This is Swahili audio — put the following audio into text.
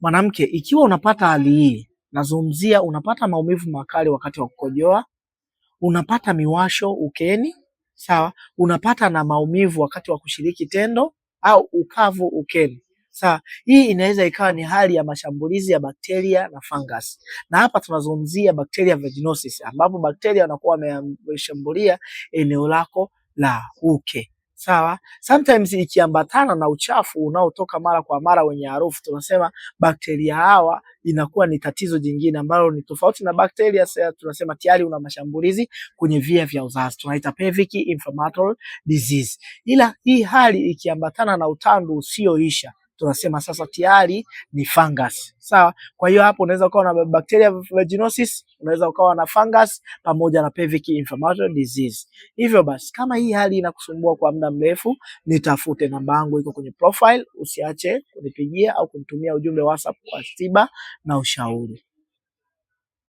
Mwanamke, ikiwa unapata hali hii, nazungumzia unapata maumivu makali wakati wa kukojoa, unapata miwasho ukeni, sawa, unapata na maumivu wakati wa kushiriki tendo au ukavu ukeni. Sawa, hii inaweza ikawa ni hali ya mashambulizi ya bakteria na fungus. Na hapa tunazungumzia bakteria vaginosis ambapo bakteria wanakuwa wameshambulia eneo lako la uke sawa. Sometimes ikiambatana na uchafu unaotoka mara kwa mara wenye harufu, tunasema bakteria hawa inakuwa ni tatizo jingine ambalo ni tofauti na bakteria. Sasa tunasema tayari una mashambulizi kwenye via vya uzazi, tunaita pelvic inflammatory disease. Ila hii hali ikiambatana na utandu usioisha tunasema sasa tayari ni fungus. Sawa? Kwa hiyo hapo unaweza ukawa na bacteria vaginosis, unaweza ukawa na fungus pamoja na pelvic inflammatory disease. Hivyo basi kama hii hali inakusumbua kwa muda mrefu, nitafute namba yangu iko kwenye profile, usiache kunipigia au kunitumia ujumbe WhatsApp kwa tiba na ushauri.